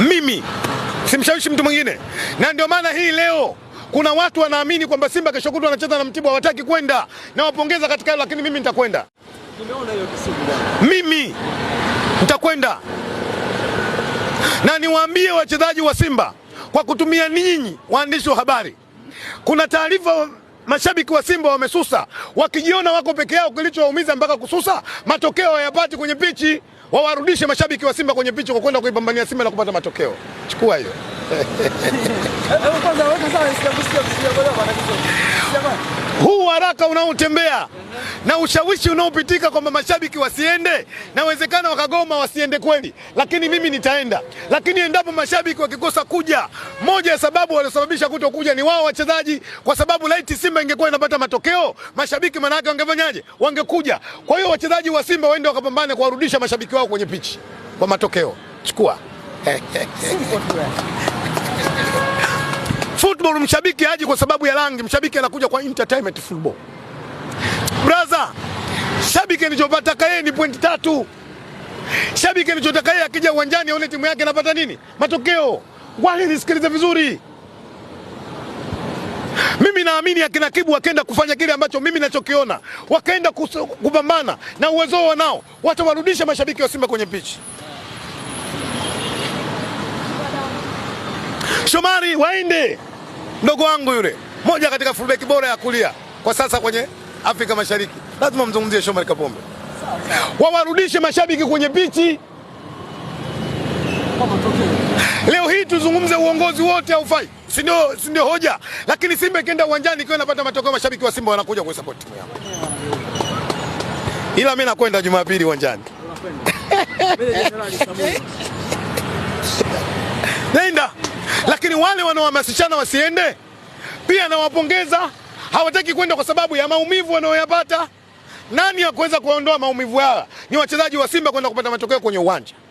mimi, simshawishi mtu mwingine. Na ndio maana hii leo kuna watu wanaamini kwamba Simba kesho kutwa wanacheza na Mtibwa, hawataki kwenda. Nawapongeza katika hilo, lakini mimi nitakwenda, mimi nitakwenda na niwaambie wachezaji wa Simba kwa kutumia ninyi waandishi wa habari, kuna taarifa mashabiki wa Simba wamesusa, wakijiona wako peke yao, kilichowaumiza mpaka kususa, matokeo hayapati kwenye pichi wawarudishe mashabiki wa Simba kwenye picha kwa kwenda kuipambania Simba na kupata matokeo. Chukua hiyo huu haraka unaotembea na ushawishi unaopitika kwamba mashabiki wasiende, nawezekana wakagoma wasiende kweli, lakini mimi nitaenda. Lakini endapo mashabiki wakikosa kuja, moja ya sababu waliosababisha kutokuja ni wao wachezaji, kwa sababu laiti Simba ingekuwa inapata matokeo, mashabiki yake wangefanyaje? Wangekuja. Kwa hiyo wachezaji wa Simba waende wakapambane kuwarudisha mashabiki wao kwenye pichi kwa matokeo. Chukua football mshabiki haji kwa sababu ya rangi, mshabiki anakuja kwa entertainment football. Brother, shabiki anachopataka yeye ni point tatu. Shabiki anachotaka yeye akija uwanjani aone timu yake anapata nini? Matokeo. Wale nisikilize vizuri. Mimi naamini akina Kibu wakaenda kufanya kile ambacho mimi nachokiona, wakaenda kupambana na uwezo wanao, watawarudisha mashabiki wa Simba kwenye pichi. Shomari waende mdogo wangu yule, moja katika fullback bora ya kulia kwa sasa kwenye Afrika Mashariki, lazima mzungumzie Shomari Kapombe, wawarudishe mashabiki kwenye pichi. Leo hii tuzungumze uongozi wote haufai, si ndio? Si ndio hoja? Lakini Simba ikienda uwanjani ikiwa inapata matokeo, mashabiki wa Simba wanakuja support timu yao. Ila mimi nakwenda Jumapili uwanjani, nenda wale wanaohamasishana wasiende pia nawapongeza. Hawataki kwenda kwa sababu ya maumivu wanayoyapata. Nani ya kuweza kuondoa maumivu haya? Ni wachezaji wa Simba kwenda kupata matokeo kwenye uwanja.